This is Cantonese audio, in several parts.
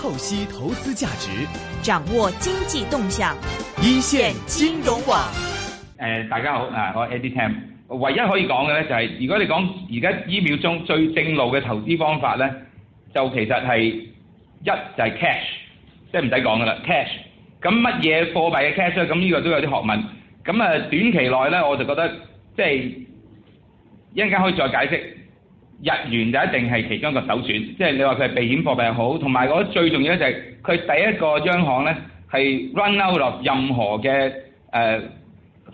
透析投資價值，掌握經濟動向，一線金融網。誒、呃，大家好啊，我 Edith Tam。唯一可以講嘅咧就係、是，如果你講而家依秒鐘最正路嘅投資方法咧，就其實係一就係、是、cash，即係唔使講噶啦 cash。咁乜嘢貨幣嘅 cash 咧？咁呢個都有啲學問。咁啊，短期內咧我就覺得即係一陣間可以再解釋。日元就一定係其中一個首選，即係你話佢係避險貨幣好，同埋我覺得最重要就係佢第一個央行咧係 run out 落任何嘅誒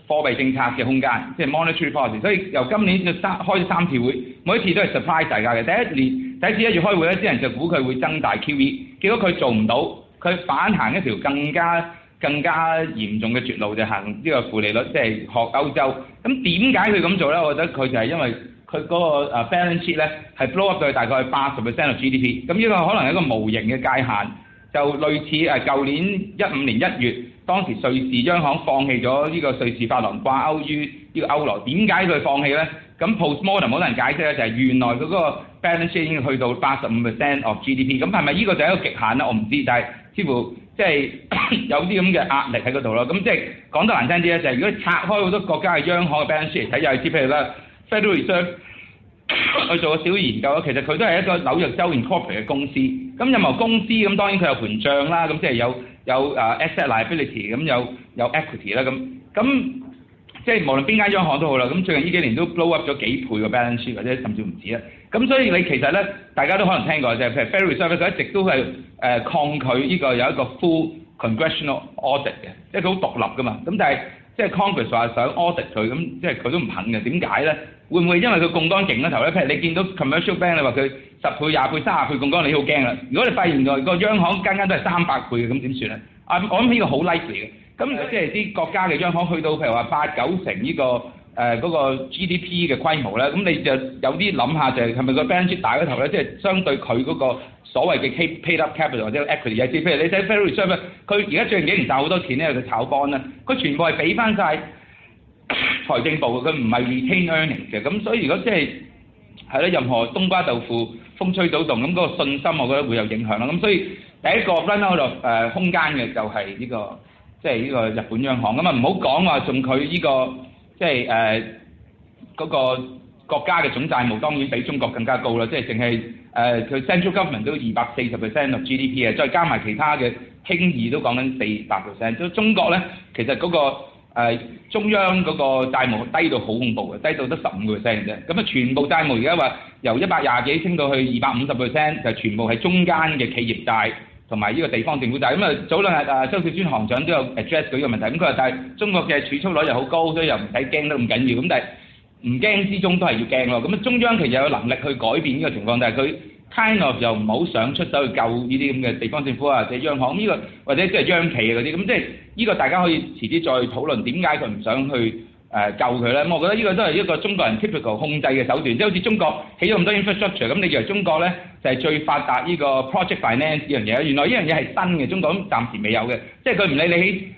貨幣政策嘅空間，即係 monetary policy。所以由今年嘅三開咗三次會，每一次都係 surprise 大家嘅。第一年第一次一月開會咧，啲人就估佢會增大 QE，結果佢做唔到，佢反行一條更加更加嚴重嘅絕路，就行呢個負利率，即係學歐洲。咁點解佢咁做咧？我覺得佢就係因為。佢嗰個 balance sheet 咧係 blow up 到大概八十 percent of GDP，咁呢個可能係一個無形嘅界限，就類似誒舊年一五年一月，當時瑞士央行放棄咗呢個瑞士法郎掛鈎於呢個歐羅，點解佢放棄咧？咁 post modern 好多人解釋咧，就係、是、原來嗰個 balance sheet 已經去到八十五 percent of GDP，咁係咪呢個就係一個極限咧？我唔知道，但係似乎即、就、係、是、 有啲咁嘅壓力喺嗰度咯。咁即係講得難聽啲咧，就係、是、如果拆開好多國家嘅央行嘅 balance sheet 睇，又知譬如咧。Federal Reserve 去做個小研究啦，其實佢都係一個紐約州 in corporate 嘅公司，咁任何公司咁當然佢有盤賬啦，咁即係有有誒 asset liability，咁有有 equity 啦，咁咁即係無論邊間央行都好啦，咁最近呢幾年都 blow up 咗幾倍個 balance sheet 或者甚至唔止啦，咁所以你其實咧大家都可能聽過就係 Federal Reserve 佢一直都係誒抗拒呢個有一個 full congressional audit 嘅，即係佢好獨立噶嘛，咁但係。即係 Congress 話想 audit 佢，咁即係佢都唔肯嘅。點解咧？會唔會因為佢槓桿勁咧？頭呢？譬如你見到 commercial bank 你話佢十倍、廿倍、卅倍槓桿，你好驚啦。如果你發現原來個央行間間都係三百倍嘅，咁點算咧？啊，我諗呢個好 likely 嘅。咁即係啲國家嘅央行去到譬如話八九成呢個。誒嗰個 GDP 嘅規模咧，咁你就有啲諗下，就係係咪個 budget 大嗰頭咧？即係相對佢嗰個所謂嘅 cap paid up capital 或者 equity 嘅資，譬如你睇 Federal Reserve，佢而家最近幾年賺好多錢咧，佢炒乾啦，佢全部係俾翻曬財政部，佢唔係 retain earnings 嘅，咁所以如果即係係咯，任何冬瓜豆腐風吹草動，咁嗰個信心，我覺得會有影響咯。咁所以第一個 run out of 誒空間嘅就係呢個即係呢個日本央行咁啊，唔好講話仲佢呢個。即係誒嗰個國家嘅總債務當然比中國更加高啦，即係淨係誒佢 Central Government 都二百四十 percent of G D P 啊，GDP，再加埋其他嘅輕易都講緊四百 percent。咁中國咧，其實嗰、那個、呃、中央嗰個債務低到好恐怖嘅，低到得十五個 percent 啫。咁啊，全部債務而家話由一百廿幾升到去二百五十 percent，就全部係中間嘅企業債。同埋呢個地方政府債咁啊，早兩日啊，周小川行長都有 address 到呢個問題，咁佢話但係中國嘅儲蓄率又好高，所以又唔使驚得咁緊要，咁但係唔驚之中都係要驚咯。咁啊，中央其實有能力去改變呢個情況，但係佢 kind of 又唔好想出手去救呢啲咁嘅地方政府啊，或者央行呢個或者即係央企嗰啲，咁即係呢個大家可以遲啲再討論點解佢唔想去。誒救佢咧，我覺得呢個都係一個中國人 typical 控制嘅手段，即、就、係、是、好似中國起咗咁多 infrastructure，咁你以為中國咧就係、是、最發達呢個 project finance 呢樣嘢？原來呢樣嘢係新嘅，中國暫時未有嘅，即係佢唔理你起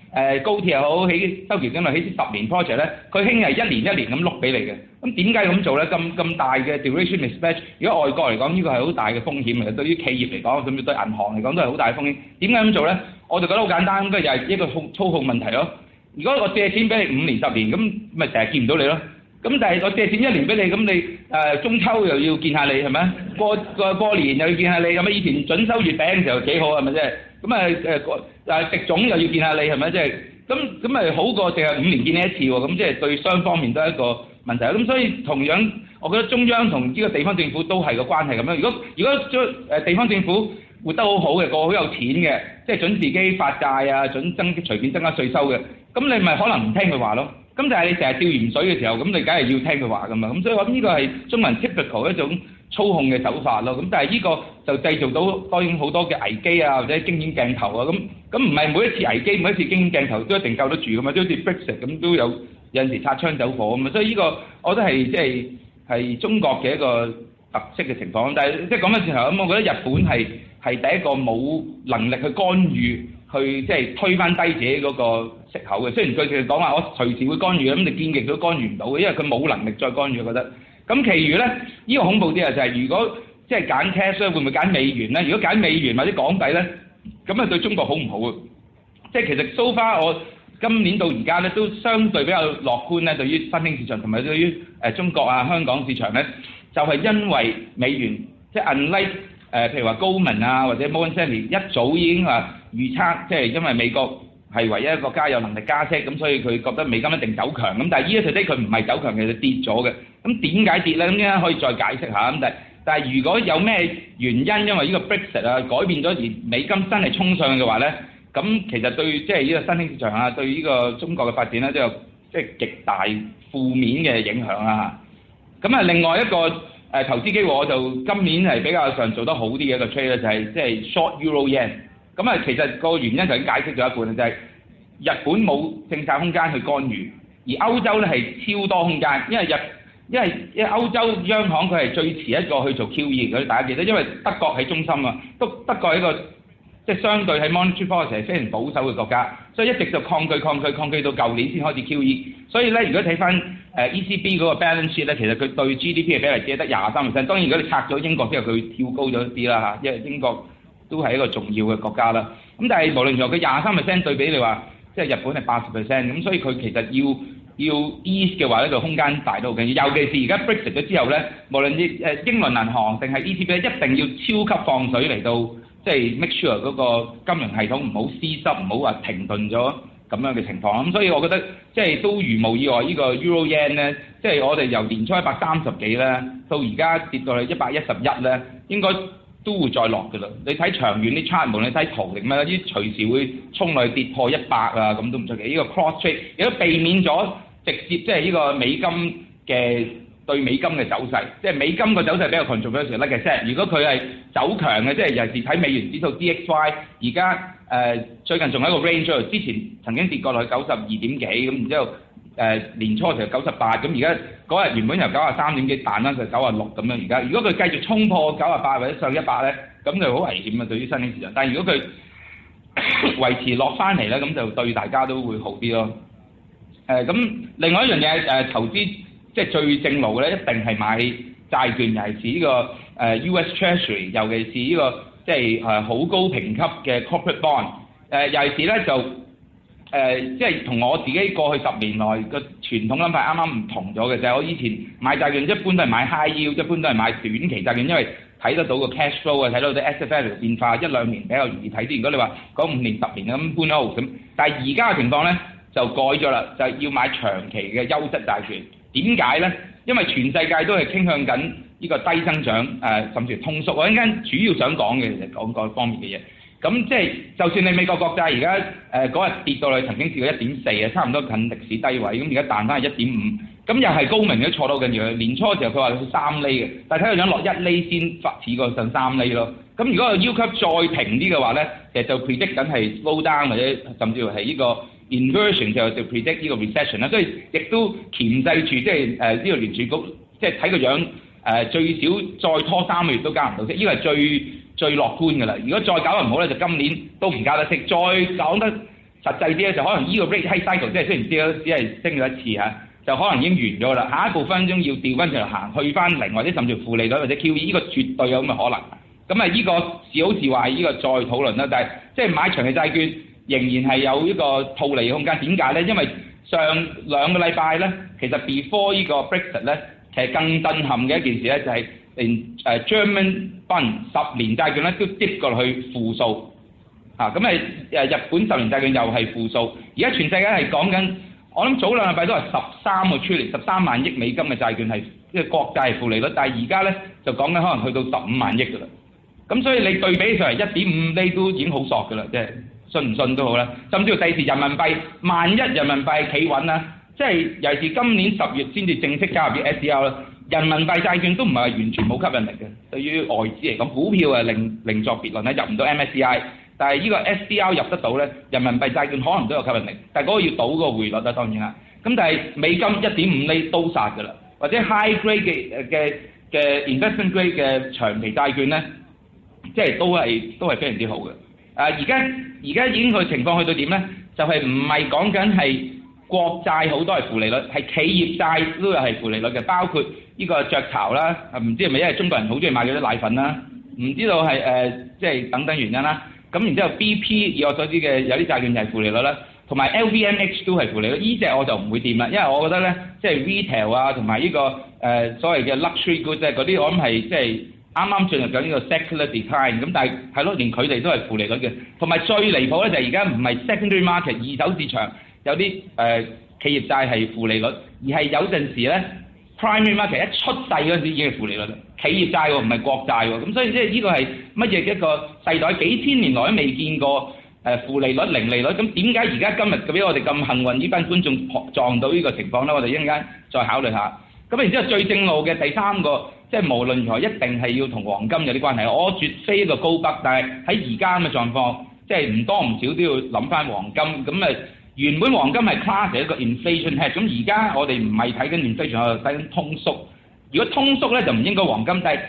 高鐵又好，起修橋整路，起十年 project 咧，佢輕係一年一年咁碌俾你嘅。咁點解咁做咧？咁咁大嘅 duration mismatch，如果外國嚟講，呢、這個係好大嘅風險嘅。對於企業嚟講，甚至對銀行嚟講都係好大風險。點解咁做咧？我就覺得好簡單，應該就係、是、一個操控問題咯。如果我借錢俾你五年十年，咁咪成日見唔到你咯？咁但係我借錢一年俾你，咁你誒、呃、中秋又要見下你係咪？過過年又要見下你咁啊！以前準收月餅嘅時候幾好係咪啫？咁啊誒個誒食粽又要見下你係咪？即係咁咁咪好過淨係五年見你一次喎？咁即係對雙方面都係一個問題。咁所以同樣，我覺得中央同呢個地方政府都係個關係咁樣。如果如果將誒、呃、地方政府活得好好嘅，個好有錢嘅，即係準自己發債啊，準增隨便增加稅收嘅。咁你咪可能唔聽佢話咯，咁但係你成日吊鹽水嘅時候，咁你梗係要聽佢話噶嘛，咁所以我呢個係中文 typical 一種操控嘅手法咯，咁但係呢個就製造到當然好多嘅危機啊，或者驚險鏡頭啊，咁咁唔係每一次危機，每一次驚險鏡頭都一定救得住噶嘛，都好似 Brexit 咁都有有陣時擦槍走火咁啊，所以呢個我都係即係係中國嘅一個特色嘅情況，但係即係講緊時候咁，我覺得日本係係第一個冇能力去干預。去即係推翻低自己嗰個息口嘅，雖然佢其實講話我隨時會干預咁，你見極都干預唔到嘅，因為佢冇能力再干預。我覺得咁，其餘咧呢個恐怖啲啊，就係如果即係揀車商會唔會揀美元咧？如果揀美元或者港幣咧，咁啊對中國好唔好啊？即係其實 so far，我今年到而家咧都相對比較樂觀咧，對於新興市場同埋對於誒中國啊香港市場咧，就係因為美元即係 unlike 誒，譬如話高文啊或者 Moynihan 一早已經話。預測即係因為美國係唯一一個國家有能力加息，咁所以佢覺得美金一定走強。咁但係 E.S.D. 佢唔係走強，其實跌咗嘅。咁點解跌咧？咁依家可以再解釋下。咁但係但係如果有咩原因，因為呢個 Brexit 啊改變咗而美金真係衝上嘅話咧，咁其實對即係呢個新興市場啊，對呢個中國嘅發展咧都有即係極大負面嘅影響啊。咁啊，另外一個誒投資機會，我就今年係比較上做得好啲嘅一個 trade 咧，就係即係 short Euro Yen。咁啊，其實個原因就已經解釋咗一半，就係日本冇政策空間去干預，而歐洲咧係超多空間，因為日，因為因為歐洲央行佢係最遲一個去做 QE，大家記得，因為德國喺中心啊，德國係一個即係相對喺 monetary policy 是非常保守嘅國家，所以一直就抗拒抗拒抗拒到舊年先開始 QE。所以咧，如果睇翻 ECB 嗰個 balance sheet 咧，其實佢對 GDP 嘅比例只得廿三 percent。當然，如果你拆咗英國之後，佢跳高咗啲啦嚇，因為英國都係一個重要嘅國家啦，咁但係無論如何，佢廿三 percent 對比你話，即係日本係八十 percent，咁所以佢其實要要 ease 嘅話咧，呢個空間大到勁，尤其是而家 Brexit 咗之後咧，無論英誒英倫銀行定係 ECB，一定要超級放水嚟到，即係 make sure 嗰個金融系統唔好 seize up，唔好話停頓咗咁樣嘅情況，咁所以我覺得即係都如無意外，呢個 Euro Yen 咧，即係我哋由年初一百三十幾咧，到而家跌到去一百一十一咧，應該。都會再落㗎啦！你睇長遠啲 chart，無論你睇圖定乜，嗰啲隨時會衝落去跌破一百啊，咁都唔出奇。呢個 cross trade 亦都避免咗直接即係呢個美金嘅對美金嘅走勢，即係美金個走勢比較 conventional，like a set。如果佢係走強嘅，即係尤其是睇美元指數 DXY，而家誒最近仲喺個 range 度，之前曾經跌過落去九十二點幾咁，然之後誒年初其實九十八，咁而家。嗰日原本由九啊三點幾彈翻到九啊六咁樣，而家如果佢繼續衝破九啊八或者上一百咧，咁就好危險啊！對於新興市場，但係如果佢維持落翻嚟咧，咁就對大家都會好啲咯。誒，咁另外一樣嘢誒，投資即係最正路嘅咧，一定係買債券，尤其是呢個誒 US Treasury，尤其是呢個即係誒好高評級嘅 Corporate Bond，誒，尤其是咧就。誒、呃，即係同我自己過去十年內個傳統諗法啱啱唔同咗嘅就係、是、我以前買債券一般都係買 high yield，一般都係買短期債券，因為睇得到個 cash flow 啊，睇到啲 asset value 變化一兩年比較容易睇啲。如果你話嗰五年十年咁搬屋咁，但係而家嘅情況咧就改咗啦，就係要買長期嘅優質債券。點解咧？因為全世界都係傾向緊呢個低增長、呃、甚至通縮。我陣間主要想講嘅其實講嗰方面嘅嘢。咁即係，就算你美國國債而家，誒、呃、嗰日跌到你曾經跌到一點四啊，差唔多近歷史低位，咁而家彈翻係一點五，咁又係高明嘅錯到過緊要。年初嘅時候佢話要三厘嘅，但係睇個樣落一厘先發始過上三厘咯。咁如果 U 求再平啲嘅話咧，其實就 predict 緊係 slow down 或者甚至乎係呢個 inversion 就 predict 呢個 recession 啦。所以亦都鉗制住即係誒呢個聯儲局，即係睇個樣誒、呃、最少再拖三個月都加唔到息，依個係最。最樂觀㗎啦！如果再搞得唔好咧，就今年都唔加得息。再講得實際啲咧，就可能呢個 rate hike cycle 即係雖然知係只係升咗一次嚇，就可能已經完咗啦。下一步分分鐘要調翻上行，去翻零或者甚至負利率或者 QE，呢個絕對有咁嘅可能。咁啊，呢個是好是壞，呢、呢個再討論啦。但係即係買長期債券仍然係有一個套利空間。點解咧？因為上兩個禮拜咧，其實 before 呢個 breakthrough 咧，其實更震撼嘅一件事咧就係、是。連誒 German bond 十年債券咧都跌過落去負數，嚇咁誒誒日本十年債券又係負數，而家全世界係講緊，我諗早兩日幣都係十三個出嚟，十三萬億美金嘅債券係即係國際負利率，但係而家咧就講緊可能去到十五萬億噶啦，咁所以你對比上嚟一點五厘都已經好索噶啦，即係信唔信都好啦，甚至乎第二時人民幣萬一人民幣企穩啦，即係尤其是今年十月先至正式加入啲 SDR 啦。人民幣債券都唔係完全冇吸引力嘅，對於外資嚟講，股票係另另作別論啦，入唔到 MSCI，但係呢個 SDR 入得到咧，人民幣債券可能都有吸引力，但係嗰個要賭個匯率啦，當然啦。咁但係美金一點五厘都殺㗎啦，或者 high grade 嘅嘅嘅 investment grade 嘅長期債券咧，即係都係都係非常之好嘅。啊，而家而家已經佢情況去到點咧？就係唔係講緊係國債好多係負利率，係企業債都有係負利率嘅，包括，呢個雀巢啦，唔知係咪因為中國人好中意買嗰啲奶粉啦？唔知道係誒，即係等等原因啦。咁然之後，BP 以我所知嘅有啲債券就係負利率啦，同埋 LVMH 都係負利率。呢隻我就唔會掂啦，因為我覺得咧，即係 retail 啊，同埋呢個誒所謂嘅 luxury goods 嗰啲，我諗係即係啱啱進入緊呢個 secular decline。咁但係係咯，連佢哋都係負利率嘅。同埋最離譜咧，就係而家唔係 secondary market 二手市場有啲誒企業債係負利率，而係有陣時咧。Prime Market 一出世嗰陣時已經係負利率，企業債喎，唔係國債喎，咁所以即係呢個係乜嘢一個世代？幾千年來都未見過誒負利率、零利率，咁點解而家今日俾我哋咁幸運？呢班觀眾撞到呢個情況咧，我哋一陣間再考慮下。咁然之後最正路嘅第三個，即係無論如何一定係要同黃金有啲關係，我絕非一個高筆，但係喺而家咁嘅狀況，即係唔多唔少都要諗翻黃金咁誒。原本黃金係 classic 嘅一個 inflation hit，咁而家我哋唔係睇緊 inflation，我哋睇緊通縮。如果通縮咧，就唔應該黃金低。就是、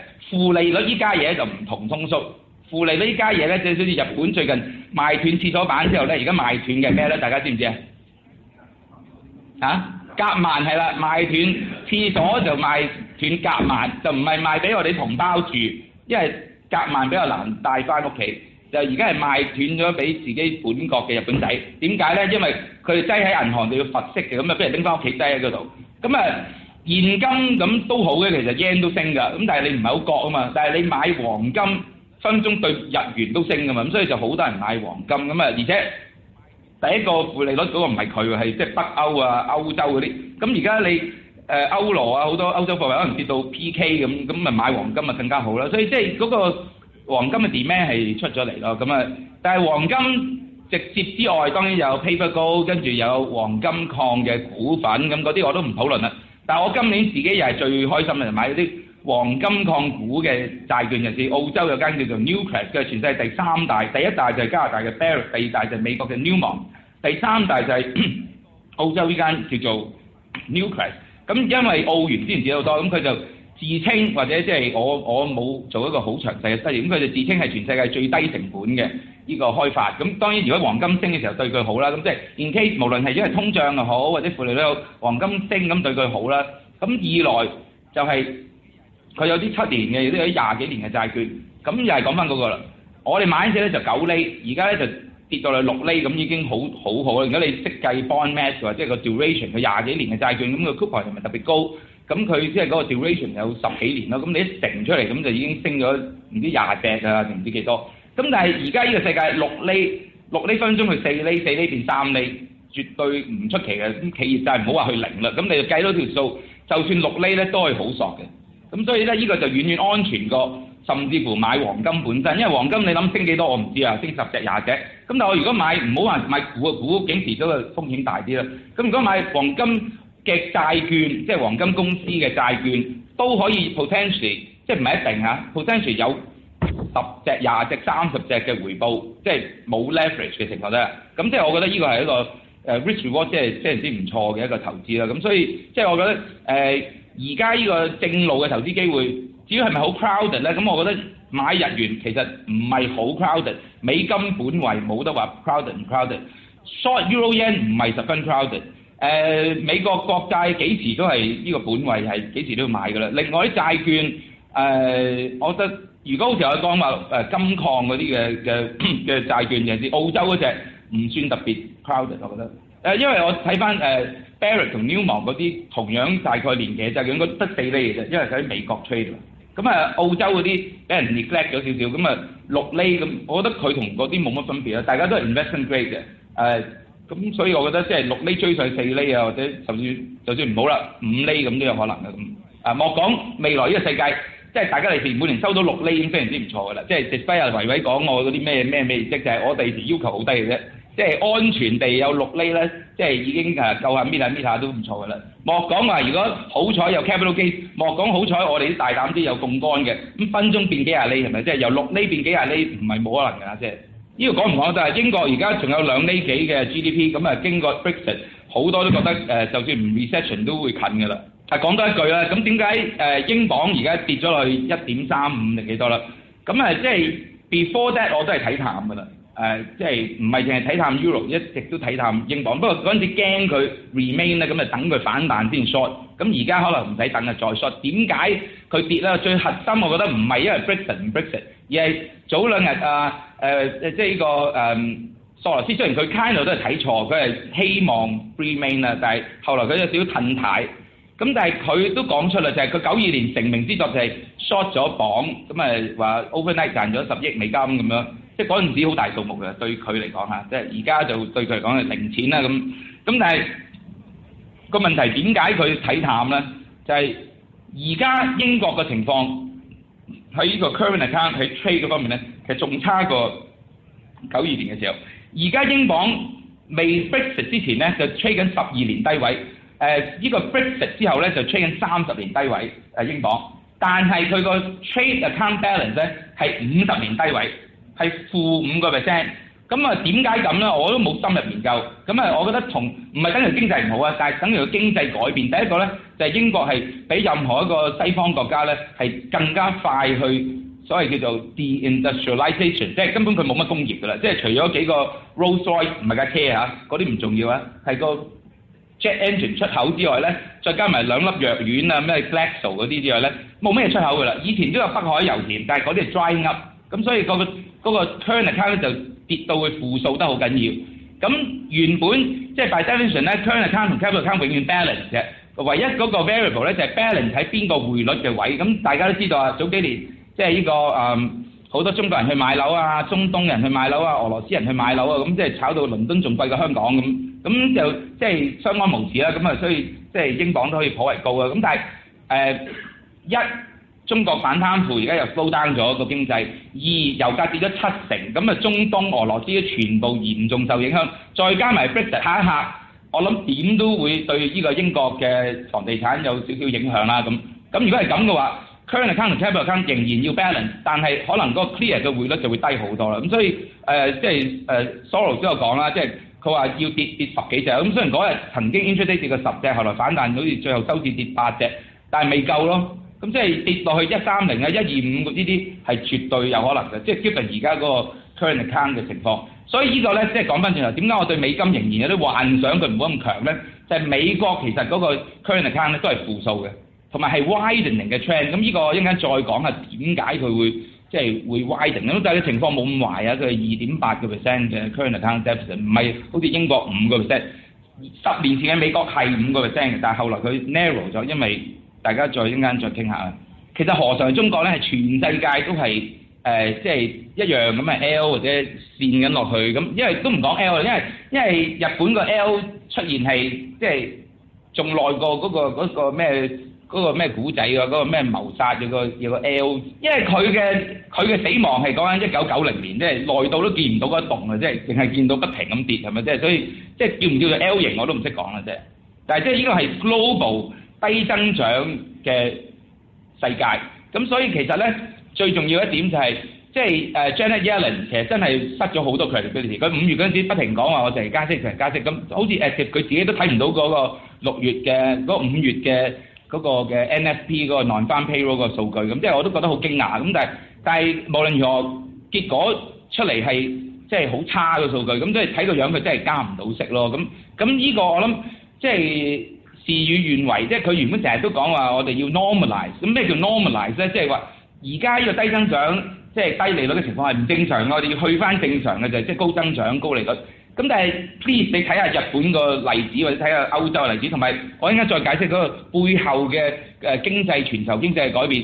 負利率依家嘢就唔同通縮。負利率依家嘢咧，即係好似日本最近賣斷廁所板之後咧，而家賣斷嘅咩咧？大家知唔知啊？啊，夾萬係啦，賣斷廁所就賣斷夾萬，就唔係賣俾我哋同胞住，因為夾萬比較難帶翻屋企。就而家係賣斷咗俾自己本國嘅日本仔，點解咧？因為佢哋擠喺銀行就要罰息嘅，咁啊俾人拎翻屋企擠喺嗰度。咁啊現金咁都好嘅，其實 yen 都升㗎，咁但係你唔係好覺啊嘛。但係你買黃金分分鐘對日元都升㗎嘛，咁所以就好多人買黃金咁啊。而且第一個負利率嗰個唔係佢，係即係北歐啊、歐洲嗰啲。咁而家你誒歐羅啊，好多歐洲貨幣可能跌到 PK 咁，咁啊買黃金啊更加好啦。所以即係嗰個。黃金嘅 demand 係出咗嚟咯，咁啊，但係黃金直接之外，當然有 paper gold，跟住有黃金礦嘅股份，咁嗰啲我都唔討論啦。但係我今年自己又係最開心嘅，就買嗰啲黃金礦股嘅債券，就係澳洲有間叫做 Newcrest，佢係全世界第三大，第一大就係加拿大嘅 Barrick，第二大就係美國嘅 Newmont，第三大就係澳洲呢間叫做 Newcrest。咁因為澳元之前跌好多，咁佢就。自稱或者即係我我冇做一個好詳細嘅分析，咁佢哋自稱係全世界最低成本嘅呢個開發。咁當然，如果黃金升嘅時候對佢好啦，咁即係 in case 無論係因為通脹又好或者負利率有黃金升，咁對佢好啦。咁二來就係佢有啲七年嘅，亦都有啲廿幾年嘅債券。咁又係講翻嗰個啦。我哋買呢咧就九厘，而家咧就跌到嚟六厘，咁已經好好好啦。如果你識計 bond mass 或者個 duration，佢廿幾年嘅債券，咁個 coupon 係咪特別高？咁佢即係嗰個 duration 有十幾年咯，咁你一成出嚟咁就已經升咗唔知廿隻啊，定唔知幾多？咁但係而家呢個世界六厘、六釐分鐘去四厘、四釐變三厘，絕對唔出奇嘅。咁企業就係唔好話去零啦，咁你就計多條數，就算六厘咧都係好索嘅。咁所以咧呢個就遠遠安全過，甚至乎買黃金本身，因為黃金你諗升幾多我唔知啊，升十隻廿隻。咁但係我如果買唔好話買股啊，股幾時都風險大啲啦。咁如果買黃金嘅債券，即黃金公司嘅債券都可以 potentially，即係唔係一定嚇、啊、，potentially 有十隻、廿隻、三十隻嘅回報，即係冇 leverage 嘅情況下，咁、啊、即我覺得呢個係一個誒、uh, rich reward，即係非常之唔錯嘅一個投資啦。咁、啊、所以即我覺得誒而家呢個正路嘅投資機會，至於係咪好 crowded 咧、啊？咁、啊、我覺得買日元其實唔係好 crowded，美金本位冇得話 crowded 唔 crowded，short euro yen 唔係十分 crowded。誒、呃、美國國債幾時都係呢個本位係幾時都要買㗎啦。另外啲債券誒、呃，我覺得如果好似我講話誒金礦嗰啲嘅嘅嘅債券嘅事，澳洲嗰隻唔算特別 crowded，我覺得。誒、呃，因為我睇返誒、呃、Barrick 同 Newmont 嗰啲同樣大概年期，就應該得四厘嘅啫，因為喺美國 trade。咁啊，澳洲嗰啲俾人 neglect 咗少少，咁啊六厘咁，我覺得佢同嗰啲冇乜分別啦。大家都係 investment grade 嘅誒。呃咁所以我覺得即係六厘追上四厘啊，或者甚至就算唔好啦，五厘咁都有可能嘅咁。啊，莫講未來呢個世界，即係大家嚟年每年收到六厘已經非常之唔錯嘅啦。即係石輝啊、維維講我嗰啲咩咩咩意思，就係我哋要求好低嘅啫。即係安全地有六厘咧，即係已經誒夠下搣下搣下都唔錯嘅啦。莫講話如果好彩有 capital gain，莫講好彩我哋啲大膽啲有槓桿嘅，咁分鐘變幾廿厘係咪？即係由六呢變幾廿厘，唔係冇可能㗎啦，即係。呢個講唔講就係英國而家仲有兩厘幾嘅 GDP，咁啊經過 Brexit 好多都覺得誒，就算唔 recession 都會近嘅啦。係講多一句啦，咁點解誒英鎊而家跌咗落去一點三五定幾多啦？咁啊即係 before that 我都係睇淡嘅啦。誒，即係唔係淨係睇淡歐元，一直都睇淡英鎊。不過嗰陣時驚佢 remain 咧，咁就等佢反彈先 short。咁而家可能唔使等啦，再 short。點解佢跌咧？最核心我覺得唔係因為 Brexit 唔 Brexit，而係早兩日啊誒誒，即係呢個誒索羅斯，雖然佢 kindly 都係睇錯，佢係希望 remain 啦，但係後來佢有少少褪軚。咁但係佢都講出啦，就係佢九二年成名之作就係 short 咗鎊，咁誒話 overnight 賺咗十億美金咁樣。即係嗰陣時好大數目嘅，對佢嚟講嚇，即係而家就對佢嚟講係零錢啦咁。咁但係個問題點解佢睇淡咧？就係而家英國嘅情況喺呢個 current account 喺 trade 嗰方面咧，其實仲差過九二年嘅時候。而家英鎊未 Brexit 之前咧，就 trade 緊十二年低位。呢、呃呢個 Brexit 之後咧，就 trade 緊三十年低位英鎊。但係佢個 trade account balance 咧係五十年低位。係負五個 percent，咁啊點解咁咧？我都冇深入研究，咁啊我覺得同唔係等於經濟唔好啊，但係等於個經濟改變。第一個咧就係英國係比任何一個西方國家咧係更加快去所謂叫做 deindustrialization，即係根本佢冇乜工業㗎啦。即係除咗幾個 Rolls Royce 唔係架車嚇，嗰啲唔重要啊，係個 jet engine 出口之外咧，再加埋兩粒藥丸啊咩 Glaxo 嗰啲之外咧，冇咩出口㗎啦。以前都有北海油田，但係嗰啲 drying up，咁所以個。嗰個 current account 呢就跌到去負數得好緊要，咁原本即係 by definition 呢 current account 同 capital account 永遠 balance 嘅，唯一嗰個 variable 咧就係 balance 喺邊個匯率嘅位。咁大家都知道啊，早幾年即係依個誒好多中國人去買樓啊，中東人去買樓啊，俄羅斯人去買樓啊，咁即係炒到倫敦仲貴過香港咁，咁就即係相安無事啦。咁啊，所以即係英鎊都可以頗為高啊。咁但係誒一。中國反貪腐，而家又 slow down 咗個經濟；二油價跌咗七成，咁啊，中東俄羅斯全部嚴重受影響。再加埋 Brexit 下一刻，我諗點都會對呢個英國嘅房地產有少少影響啦。咁咁如果係咁嘅話，current account and capital account 仍然要 balance，但係可能個個 clear 嘅匯率就會低好多啦。咁所以即係、呃即係呃、Soros 都有講啦，即係佢話要跌跌十幾隻。咁雖然嗰日曾經 intraday 跌十隻，後來反彈，好似最後收跌跌八隻，但係未夠咯。咁即係跌落去一三零啊、一二五呢啲係絕對有可能嘅，即係 given 而家嗰個 current account 嘅情況。所以依個咧即係講翻轉頭，點解我對美金仍然有啲幻想？佢唔好咁強咧，就係美國其實嗰個 current account 咧都係負數嘅，同埋係 widening 嘅 trend。咁依個一陣間再講下點解佢會即係會 widening。咁但係啲情況冇咁壞啊，佢係二點八個 percent 嘅 current account deficit，唔係好似英國五個 percent。十年前嘅美國係五個 percent 嘅，但係後來佢 narrow 咗，因為大家再一間再傾下啦！其實何嘗係中國咧，係全世界都係誒，即係一樣咁嘅 L 或者線緊落去咁，因為都唔講 L，因為因為日本個 L 出現係即係仲耐過嗰個嗰個咩嗰個咩古仔啊，嗰個咩謀殺有個有個 L，因為佢嘅佢嘅死亡係講緊一九九零年，即係耐到都見唔到嗰個洞啊，即係淨係見到不停咁跌，係咪即係？所以即係叫唔叫做 L 型我都唔識講啦，即係。但係即係依個係 global。低增長嘅世界，咁所以其實咧最重要一點就係，即係誒 Janet Yellen 其實真係失咗好多 credibility。佢五月嗰陣時不停講話我淨係加息，成日加息，咁好似 Adip 佢自己都睇唔到嗰個六月嘅嗰五月嘅嗰個嘅 NFP 嗰個 nonfarm payroll 個數據咁，即係我都覺得好驚訝。咁但係但係無論如何，結果出嚟係即係好差嘅數據，咁即係睇個樣佢真係加唔到息咯。咁咁呢個我諗即係。事與願違，即係佢原本成日都講話，我哋要 normalize 咁咩叫 normalize 咧？即係話而家呢個低增長、即係低利率嘅情況係唔正常。我哋要去翻正常嘅就係即係高增長、高利率。咁但係 please 你睇下日本個例子，或者睇下歐洲嘅例子，同埋我應該再解釋嗰個背後嘅誒經濟、全球經濟嘅改變。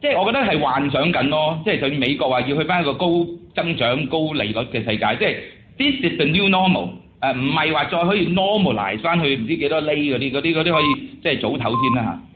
即係我覺得係幻想緊咯，即係就算美國話要去翻一個高增長、高利率嘅世界，即係 this is the new normal。誒，唔係話再可以 normal 嚟翻去唔知幾多厘嗰啲嗰啲嗰啲可以，即係早唞先啦吓。